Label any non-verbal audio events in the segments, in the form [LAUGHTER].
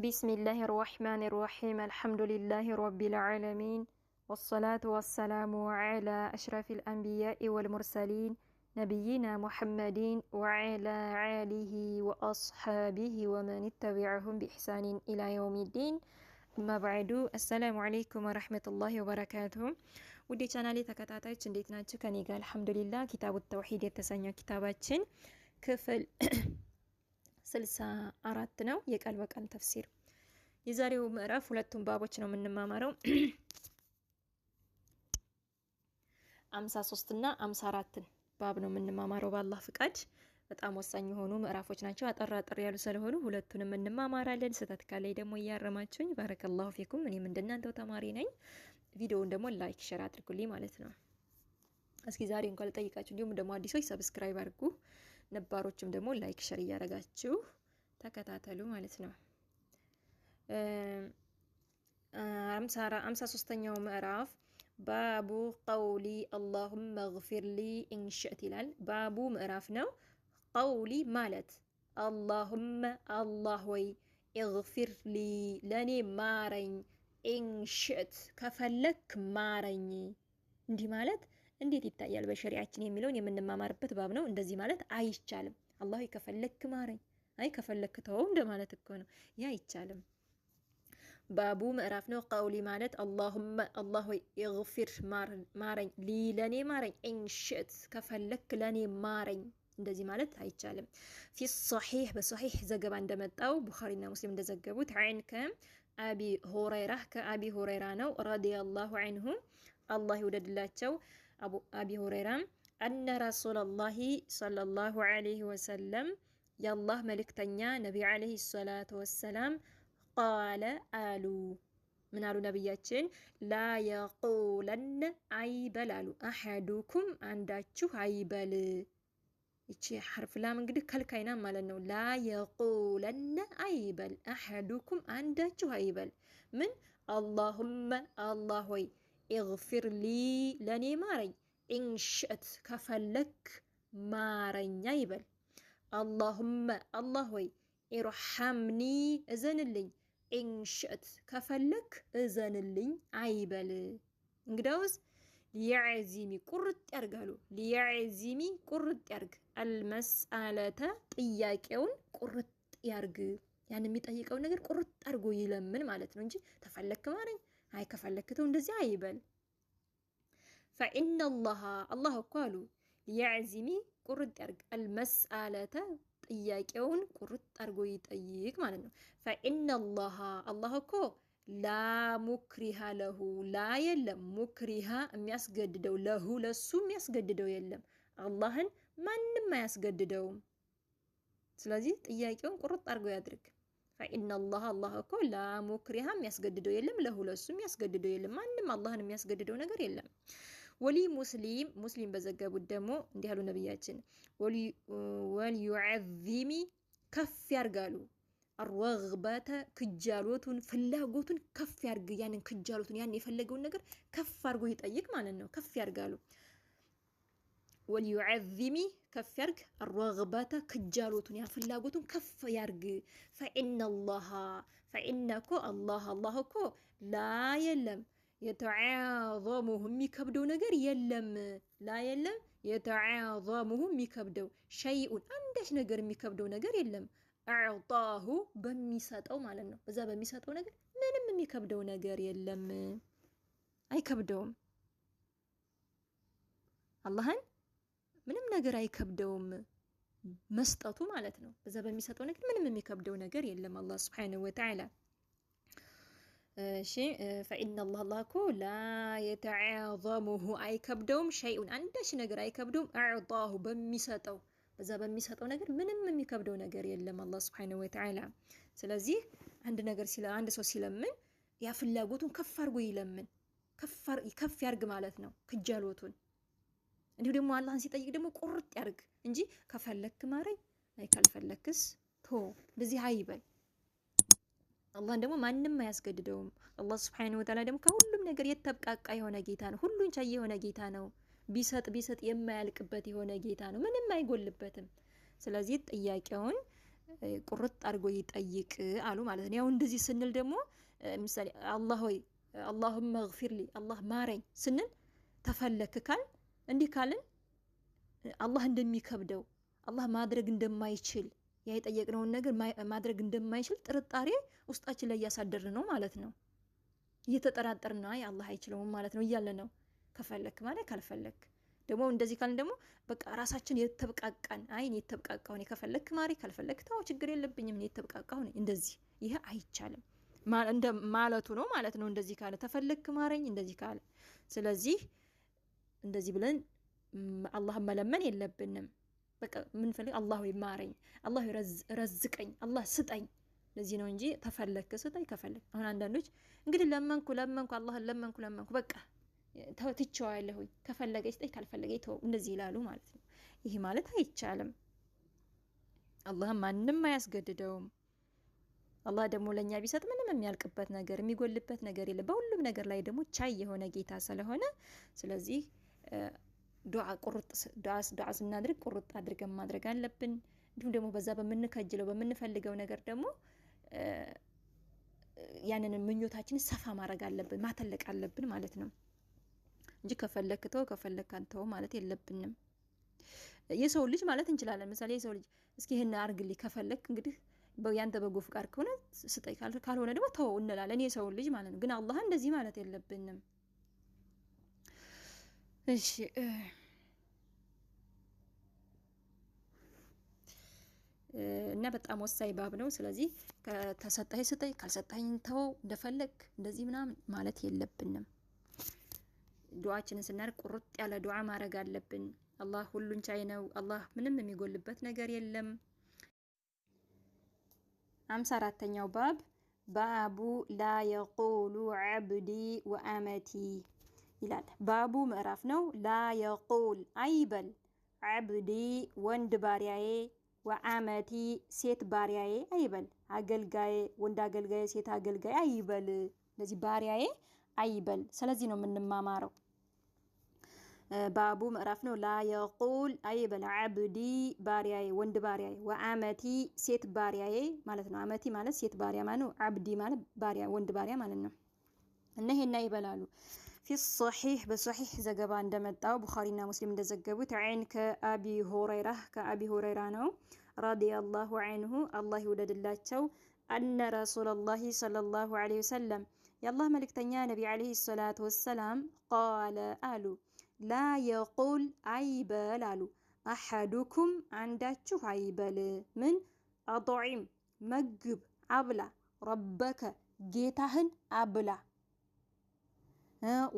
بسم الله الرحمن الرحيم الحمد لله رب العالمين والصلاة والسلام على أشرف الأنبياء والمرسلين نبينا محمد وعلى آله وأصحابه ومن اتبعهم بإحسان إلى يوم الدين أما بعد السلام عليكم ورحمة الله وبركاته ودي شانالي تكتاتي تشكاني الحمد لله كتاب التوحيد يتسنى كتابات كفل ስልሳ አራት ነው የቃል በቃል ተፍሲር። የዛሬው ምዕራፍ ሁለቱን ባቦች ነው የምንማማረው። [CLEARS THROAT] አምሳ ሶስት እና አምሳ አራትን ባብ ነው የምንማማረው በአላህ ፍቃድ። በጣም ወሳኝ የሆኑ ምዕራፎች ናቸው። አጠር አጠር ያሉ ስለሆኑ ሁለቱንም እንማማራለን። ስህተት ካለኝ ደግሞ እያረማችሁኝ። ባረከላሁ ፊኩም። እኔም እንደናንተው ተማሪ ነኝ። ቪዲዮውን ደግሞ ላይክ፣ ሸር አድርጉልኝ ማለት ነው። እስኪ ዛሬ እንኳን ልጠይቃችሁ፣ እንዲሁም ደግሞ አዲሶች ሰብስክራይብ አድርጉ። ነባሮችም ደግሞ ላይክ ሸር እያደረጋችሁ ተከታተሉ ማለት ነው። አምሳ ሶስተኛው ምዕራፍ ባቡ ቀውሊ አላሁመ ግፊር ሊ ኢንሽእት ይላል። ባቡ ምዕራፍ ነው። ቀውሊ ማለት አላሁመ አላህ ወይ ኢግፊር ሊ ለእኔ ማረኝ፣ ኢንሽእት ከፈለክ ማረኝ። እንዲህ ማለት እንዴት ይታያል በሸሪያችን የሚለውን የምንማማርበት ባብ ነው። እንደዚህ ማለት አይቻልም። አላሁ ከፈለክ ማረኝ፣ አይ ከፈለክ ተወው እንደማለት እኮ ነው። ይህ አይቻልም። ባቡ ምዕራፍ ነው። ቀውሊ ማለት አላሁመ አላሁ ይግፊር ማረኝ፣ ሊ ለኔ ማረኝ፣ ኢንሽእት ከፈለክ ለኔ ማረኝ እንደዚህ ማለት አይቻልም። ፊ ሶሒሕ በሶሒሕ ዘገባ እንደመጣው ቡኻሪና ሙስሊም እንደዘገቡት ዓይን ከአቢ ሁረይራ ከአቢ ሁረይራ ነው ረዲየላሁ አንሁ አላህ ይውደድላቸው። አቢ ሁረይራ አነ ረሱለላሂ ሰለላሁ ዐለይሂ ወሰለም የአላህ መልእክተኛ ነቢ ዐለይሂ ሰላቱ ወሰላም ቃለ አሉ ምን አሉ ነቢያችን ላ የቁለነ አይበል አሉ አሐዱኩም አንዳችሁ አይበል ይቺ ሐርፍ ላም እንግዲህ ከልካይና ማለት ነው ላ የቁለነ አይበል አሐዱኩም አንዳችሁ አይበል ምን አላሁመ አላህ ሆይ ኢግፊር ሊ ለኔ ማረኝ፣ ኢንሽእት ከፈለክ ማረኛ ይበል። አላሁመ አላህ ወይ ኢርሐምኒ እዘንልኝ፣ ኢንሽእት ከፈለክ እዘንልኝ አይበል። እንግዳውስ ሊየዕዚሚ ቁርጥ ያርጋሉ። ሊየዕዚሚ ቁርጥ ያርግ፣ አልመስአለተ ጥያቄውን ቁርጥ ያርግ። ያን የሚጠይቀውን ነገር ቁርጥ አርጎ ይለምን ማለት ነው እንጂ ተፈለክ ማረኝ አይ ከፈለክተው እንደዚህ አይበል። ፈኢነ ላሃ አላህ እኮ አሉ ሊያዕዚሚ ቁርጥ ያርግ አልመስአለተ ጥያቄውን ቁርጥ አርጎ ይጠይቅ ማለት ነው። ፈኢነላሃ አላህ እኮ ላ ሙክሪሃ ለሁ ላ የለም ሙክሪሃ የሚያስገድደው ለሁ ለሱ የሚያስገድደው የለም። አላህን ማንም አያስገድደውም። ስለዚህ ጥያቄውን ቁርጥ አርጎ ያድርግ። ፈኢናላህ አላህ እኮ ላሙክሪሃ የሚያስገድደው የለም፣ ለሁለሱ የሚያስገድደው የለም። ማንም አላህን የሚያስገድደው ነገር የለም። ወሊ ሙስሊም ሙስሊም በዘገቡት ደግሞ እንዲህ አሉ ነቢያችን ወልዩዓዚሚ ከፍ ያርጋሉ አርወግበተ ክጃሎቱን ፍላጎቱን ከፍ ያርግ ያንን ክጃሎቱን ያን የፈለገውን ነገር ከፍ አርጎ ይጠይቅ ማለት ነው። ከፍ ያርጋሉ ወልዩዓዚሚ ከፍ ያርግ ረግበተ ክጃሎቱን ያ ፍላጎቱን ከፍ ያርግ። ፈኢነላሃ ላሃ ፈኢነ ኮ አላህ አላህ እኮ ላ የለም የተዓዘሙሁ የሚከብደው ነገር የለም። ላ የለም የተዓዘሙሁ የሚከብደው ሸይኡን አንዳች ነገር የሚከብደው ነገር የለም። አዕጣሁ በሚሰጠው ማለት ነው። በዛ በሚሰጠው ነገር ምንም የሚከብደው ነገር የለም፣ አይከብደውም አላህን ምንም ነገር አይከብደውም መስጠቱ ማለት ነው። በዛ በሚሰጠው ነገር ምንም የሚከብደው ነገር የለም። አላህ ስብሓነሁ ወተዓላ እሺ ፈኢነ አላህ አላህ እኮ ላ የተዓዘሙሁ አይከብደውም፣ ሸይኡን አንዳች ነገር አይከብደውም። አዕጣሁ በሚሰጠው በዛ በሚሰጠው ነገር ምንም የሚከብደው ነገር የለም አላህ ስብሓነሁ ወተዓላ። ስለዚህ አንድ ነገር አንድ ሰው ሲለምን ያ ፍላጎቱን ከፍ አድርጎ ይለምን፣ ከፍ ያርግ ማለት ነው ክጃሎቱን እንዲሁ ደግሞ አላህን ሲጠይቅ ደግሞ ቁርጥ ያርግ እንጂ ከፈለክ ማረኝ አይ ካልፈለክስ ቶ እንደዚህ አይበል። አላህን ደግሞ ማንም አያስገድደውም። አላህ ስብሐነሁ ወተዓላ ደግሞ ከሁሉም ነገር የተብቃቃ የሆነ ጌታ ነው። ሁሉን ቻይ የሆነ ጌታ ነው። ቢሰጥ ቢሰጥ የማያልቅበት የሆነ ጌታ ነው። ምንም አይጎልበትም። ስለዚህ ጥያቄውን ቁርጥ አድርጎ ይጠይቅ አሉ ማለት ነው። ያው እንደዚህ ስንል ደግሞ ምሳሌ አላህ ሆይ አላሁመ ግፊር ሊ አላህ ማረኝ ስንል ተፈለክ ካል እንዲህ ካልን አላህ እንደሚከብደው አላህ ማድረግ እንደማይችል ያ የጠየቅነውን ነገር ማድረግ እንደማይችል ጥርጣሬ ውስጣችን ላይ እያሳደርን ነው ማለት ነው። እየተጠራጠርን አይ አላህ አይችለውም ማለት ነው እያለ ነው። ከፈለክ ማለት ካልፈለክ ደግሞ እንደዚህ ካልን ደግሞ በቃ ራሳችን የተብቃቃን አይ እኔ የተብቃቃሁ ከፈለክ ማሪ ካልፈለክ ታው ችግር የለብኝም እኔ እንደዚህ ይሄ አይቻልም ማለቱ ነው ማለት ነው። እንደዚህ ካለ ተፈለክ ማረኝ እንደዚህ ካለ ስለዚህ እንደዚህ ብለን አላህን መለመን የለብንም። በቃ ምንፈልግ አላሁ ይማረኝ፣ አላሁ ረዝቀኝ፣ አላህ ስጠኝ። ለዚህ ነው እንጂ ተፈለግክ ስጠኝ ከፈለግ አሁን አንዳንዶች እንግዲህ ለመንኩ ለመንኩ አላህን ለመንኩ ለመንኩ በቃ ትቸዋለሁኝ ከፈለገ ስጠኝ ካልፈለገ ተው እንደዚህ ይላሉ ማለት ነው። ይህ ማለት አይቻልም። አላህም ማንም አያስገድደውም። አላህ ደግሞ ለእኛ ቢሰጥ ምንም የሚያልቅበት ነገር የሚጎልበት ነገር የለም። በሁሉም ነገር ላይ ደግሞ ቻይ የሆነ ጌታ ስለሆነ ስለዚህ ዱዓ ቁርጥ ዱዓ ስናድርግ ቁርጥ አድርገን ማድረግ አለብን። እንዲሁም ደግሞ በዛ በምንከጅለው በምንፈልገው ነገር ደግሞ ያንን ምኞታችንን ሰፋ ማድረግ አለብን ማተለቅ አለብን ማለት ነው እንጂ ከፈለክተው ከፈለካንተው ማለት የለብንም። የሰው ልጅ ማለት እንችላለን። ምሳሌ የሰው ልጅ እስኪ ይህን አርግልኝ ከፈለክ እንግዲህ ያንተ በጎ ፍቃድ ከሆነ ስጠይ፣ ካልሆነ ደግሞ ተው እንላለን። የሰው ልጅ ማለት ነው። ግን አላህ እንደዚህ ማለት የለብንም። እሺ እና በጣም ወሳኝ ባብ ነው። ስለዚህ ከተሰጠኝ ስጠኝ፣ ካልሰጠኝ ተው፣ እንደፈለግ እንደዚህ ምናምን ማለት የለብንም። ዱዓችንን ስናደርግ ቁርጥ ያለ ዱዓ ማድረግ አለብን። አላህ ሁሉን ቻይ ነው። አላህ ምንም የሚጎልበት ነገር የለም። አምሳ አራተኛው ባብ ባቡ ላ የቁሉ አብዲ ወአመቲ ይላል። ባቡ ምዕራፍ ነው። ላ የቁል አይበል ዓብዲ ወንድ ባሪያዬ ወአመቲ ሴት ባሪያዬ አይበል። አገልጋዬ ወንድ አገልጋዬ ሴት አገልጋዬ አይበል። እንደዚህ ባሪያዬ አይበል። ስለዚህ ነው የምንማማረው። ባቡ ምዕራፍ ነው። ላ የቁል አይበል ዓብዲ ባሪያዬ ወንድ ባሪያዬ ወአመቲ ሴት ባሪያዬ ማለት ነው። አመቲ ማለት ሴት ባሪያ ማለት ነው። ዓብዲ ማለት ባሪያ ወንድ ባሪያ ማለት ነው። እና ይበላሉ ፊ ሶሒህ በሶሒህ ዘገባ እንደመጣው ቡኻሪና ሙስሊም እንደዘገቡት ዐይን ከአቢ ሁረይራ ከአቢ ሁረይራ ነው ረዲየላሁ ዐንሁ አላህ ይውደድላቸው አነ ረሱለላሂ ሰለላሁ ዐለይሂ ወሰለም የአላህ መልእክተኛ ነቢ ዐለይሂ ሰላቱ ወሰላም ቃለ አሉ ላ የቁል አይበል አሉ አሐዱኩም አንዳችሁ አይበል ምን አጥዒም መግብ አብላ ረበከ ጌታህን አብላ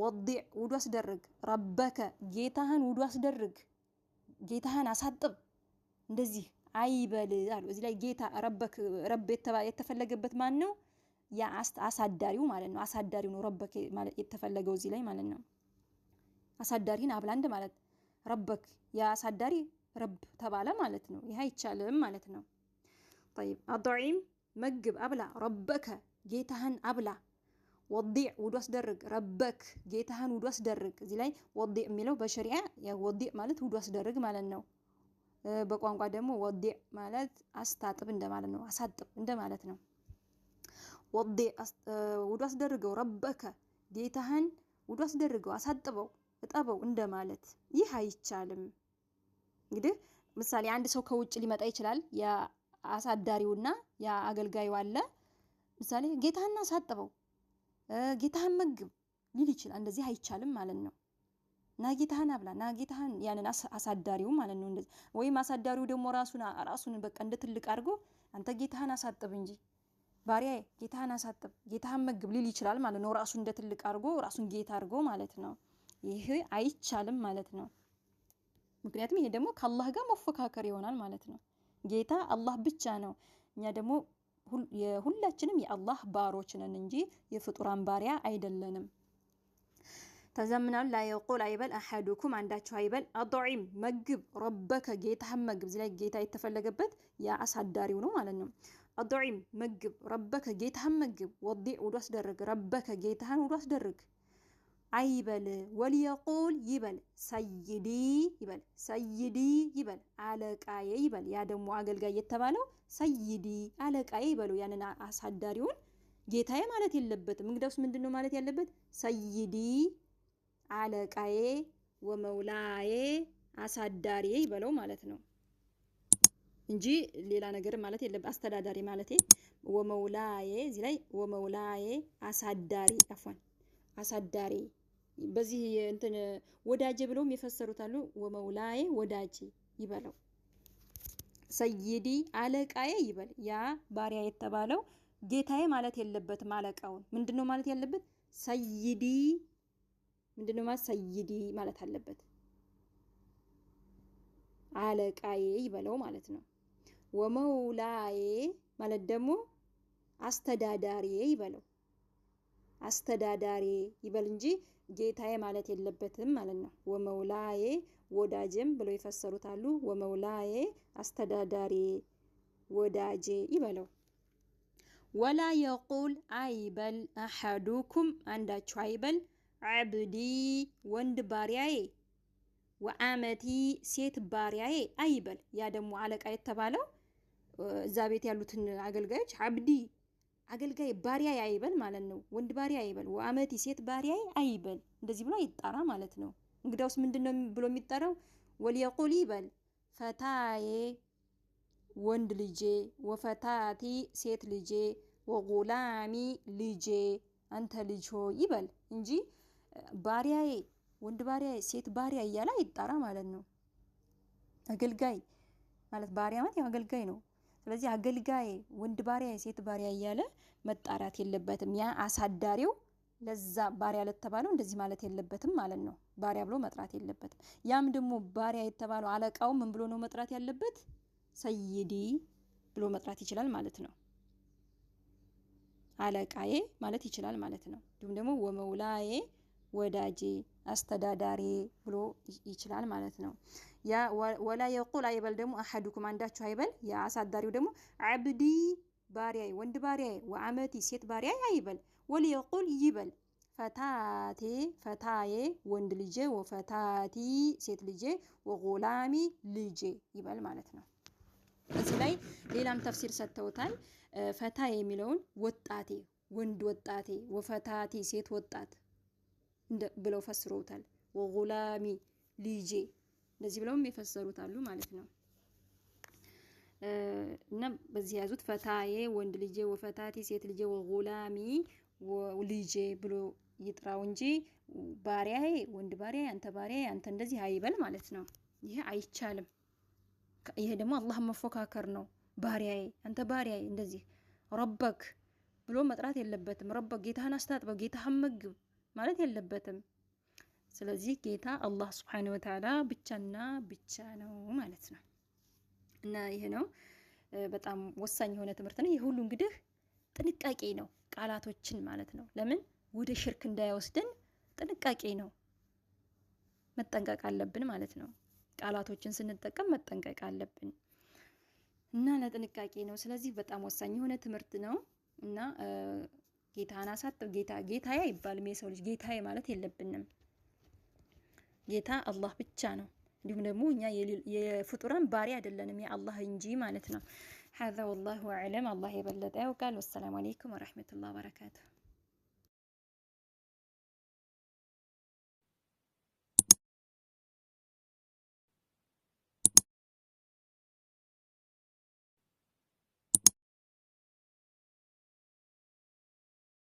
ወዲዕ ውዱ አስደርግ፣ ረበከ ጌታህን ውዱ አስደርግ፣ ጌታህን አሳጥብ። እንደዚህ አይበል አሉ። እዚህ ላይ ጌታ ረበክ ረብ የተፈለገበት ማን ነው? አሳዳሪው ማለት ነው። አሳዳሪው ነው ረበክ የተፈለገው እዚህ ላይ ማለት ነው። አሳዳሪን አብላ ማለት ረበክ የአሳዳሪ ረብ ተባለ ማለት ነው። ይህ አይቻልም ማለት ነው። ጠይብ አጥዒም መግብ አብላ ረበከ ጌታህን አብላ ወዲዕ ውዱ አስደርግ ረበክ ጌታህን ውዱ አስደርግ። እዚህ ላይ ወዲዕ የሚለው በሸሪዓ ወዲዕ ማለት ውዱ አስደርግ ማለት ነው። በቋንቋ ደግሞ ወዲዕ ማለት አስታጥብ እንደማለት ነው። አሳጥብ እንደማለት ነው። ወዲዕ ውዱ አስደርገው፣ ረበከ ጌታህን ውዱ አስደርገው፣ አሳጥበው፣ እጠበው እንደማለት። ይህ አይቻልም። እንግዲህ ምሳሌ አንድ ሰው ከውጭ ሊመጣ ይችላል። የአሳዳሪውና የአገልጋዩ አለ። ምሳሌ ጌታህን አሳጥበው ጌታህን መግብ ሊል ይችላል። እንደዚህ አይቻልም ማለት ነው። ና ጌታህን አብላ፣ ና ጌታህን ያንን አሳዳሪው ማለት ነው። ወይም አሳዳሪው ደግሞ ራሱን ራሱን በቃ እንደ ትልቅ አድርጎ አንተ ጌታህን አሳጥብ እንጂ ባሪያ ጌታህን አሳጥብ፣ ጌታህን መግብ ሊል ይችላል ማለት ነው። ራሱን እንደ ትልቅ አድርጎ ራሱን ጌታ አድርጎ ማለት ነው። ይህ አይቻልም ማለት ነው። ምክንያቱም ይሄ ደግሞ ከአላህ ጋር መፎካከር ይሆናል ማለት ነው። ጌታ አላህ ብቻ ነው። እኛ ደግሞ ሁላችንም የአላህ ባሮች ነን እንጂ የፍጡራን ባሪያ አይደለንም። ተዘምናሉ ላየቁል አይበል አሐዱኩም አንዳችሁ አይበል አጥዒም መግብ ረበከ ጌታህን መግብ። እዚህ ላይ ጌታ የተፈለገበት የአሳዳሪው ነው ማለት ነው። አጥዒም መግብ ረበከ ጌታህን መግብ። ወዲዕ ውዱ አስደርግ ረበከ ጌታህን ውዱ አስደርግ አይበል ወልየቁል ይበል ሰይዲ ይበል ሰይዲ ይበል አለቃዬ ይበል። ያ ደግሞ አገልጋይ የተባለው ሰይዲ አለቃዬ ይበሉ። ያንን አሳዳሪውን ጌታዬ ማለት የለበትም። እንግዳውስ ምንድን ነው ማለት ያለበት? ሰይዲ አለቃዬ ወመውላዬ አሳዳሪ ይበለው ማለት ነው እንጂ ሌላ ነገር ማለት የለበት። አስተዳዳሪ ማለት ወመውላዬ፣ እዚህ ላይ ወመውላዬ አሳዳሪ አፏን አሳዳሪ በዚህ እንትን ወዳጅ ብለውም የፈሰሩት ወመውላይ ወዳጅ ይበለው፣ ሰይዲ አለቃዬ ይበል። ያ ባሪያ የተባለው ጌታዬ ማለት የለበትም። አለቃውን ምንድነው ማለት ያለበት? ሰይዲ ምንድነው ማለት ሰይዲ ማለት አለበት። አለቃዬ ይበለው ማለት ነው። ወመውላዬ ማለት ደግሞ አስተዳዳሪዬ ይበለው፣ አስተዳዳሪዬ ይበል እንጂ ጌታዬ ማለት የለበትም ማለት ነው። ወመውላዬ ወዳጄም ብለው ይፈሰሩታሉ። ወመውላዬ አስተዳዳሪ ወዳጄ ይበለው። ወላ የቁል አይበል አሐዱኩም አንዳችሁ አይበል አብዲ ወንድ ባሪያዬ ወአመቲ ሴት ባሪያዬ አይበል። ያ ደግሞ አለቃ የተባለው እዛ ቤት ያሉትን አገልጋዮች አብዲ አገልጋይ ባሪያ አይበል ማለት ነው። ወንድ ባሪያ አይበል፣ ወአመቲ ሴት ባሪያ አይበል። እንደዚህ ብሎ አይጣራ ማለት ነው። እንግዳውስ ምንድን ነው ብሎ የሚጠራው? ወሊየቁል ይበል ፈታዬ ወንድ ልጄ፣ ወፈታቲ ሴት ልጄ፣ ወጉላሚ ልጄ አንተ ልጅ ሆ ይበል እንጂ ባሪያዬ፣ ወንድ ባሪያ፣ ሴት ባሪያ እያለ ይጣራ ማለት ነው። አገልጋይ ማለት ባሪያ ማለት ያው አገልጋይ ነው። ስለዚህ አገልጋይ ወንድ ባሪያ፣ የሴት ባሪያ እያለ መጣራት የለበትም። ያ አሳዳሪው ለዛ ባሪያ ለተባለው እንደዚህ ማለት የለበትም ማለት ነው። ባሪያ ብሎ መጥራት የለበትም። ያም ደግሞ ባሪያ የተባለው አለቃው ምን ብሎ ነው መጥራት ያለበት? ሰይዲ ብሎ መጥራት ይችላል ማለት ነው። አለቃዬ ማለት ይችላል ማለት ነው። እንዲሁም ደግሞ ወመውላዬ ወዳጄ፣ አስተዳዳሪ ብሎ ይችላል ማለት ነው። ወላ የቁል አይበል ደግሞ አሐዱኩም አንዳችሁ አይበል። አሳዳሪው ደግሞ አብዲ ባሪያዬ፣ ወንድ ባሪያዬ፣ ወአመቲ ሴት ባሪያዬ አይበል። ወልየቁል ይበል ፈታቴ ፈታዬ ወንድ ልጄ፣ ወፈታቲ ሴት ልጄ፣ ወጎላሚ ልጄ ይበል ማለት ነው። እዚህ ላይ ሌላም ተፍሲር ሰጥተውታል። ፈታ የሚለውን ወጣቴ፣ ወንድ ወጣቴ፣ ወፈታቲ ሴት ወጣት ብለው ፈስረውታል። ወጎላሚ ልጄ እንደዚህ ብለውም የፈሰሩት አሉ ማለት ነው። እና በዚህ የያዙት ፈታዬ ወንድ ልጄ፣ ወፈታቴ ሴት ልጄ፣ ወጉላሚ ልጄ ብሎ ይጥራው እንጂ ባሪያዬ፣ ወንድ ባሪያ፣ አንተ ባሪያ፣ አንተ እንደዚህ አይበል ማለት ነው። ይሄ አይቻልም። ይሄ ደግሞ አላህ መፎካከር ነው። ባሪያዬ፣ አንተ ባሪያዬ፣ እንደዚህ ረበክ ብሎ መጥራት የለበትም። ረበክ ጌታህን አስታጥበው፣ ጌታህን መግብ ማለት የለበትም። ስለዚህ ጌታ አላህ ስብሓነ ወተዓላ ብቻና ብቻ ነው ማለት ነው። እና ይህ ነው በጣም ወሳኝ የሆነ ትምህርት ነው። ይህ ሁሉ እንግዲህ ጥንቃቄ ነው፣ ቃላቶችን ማለት ነው። ለምን ወደ ሽርክ እንዳይወስድን ጥንቃቄ ነው፣ መጠንቀቅ አለብን ማለት ነው። ቃላቶችን ስንጠቀም መጠንቀቅ አለብን እና ለጥንቃቄ ነው። ስለዚህ በጣም ወሳኝ የሆነ ትምህርት ነው እና ጌታን አሳጥብ ጌታ ጌታዬ አይባልም። የሰው ልጅ ጌታዬ ማለት የለብንም። ጌታ አላህ ብቻ ነው። እንዲሁም ደግሞ እኛ የፍጡራን ባሪ አይደለንም የአላህ እንጂ ማለት ነው። ሀዛ ወላሁ አዕለም። አላህ የበለጠ ያውቃል። ወሰላሙ አሌይኩም ወረህመቱላህ በረካቱ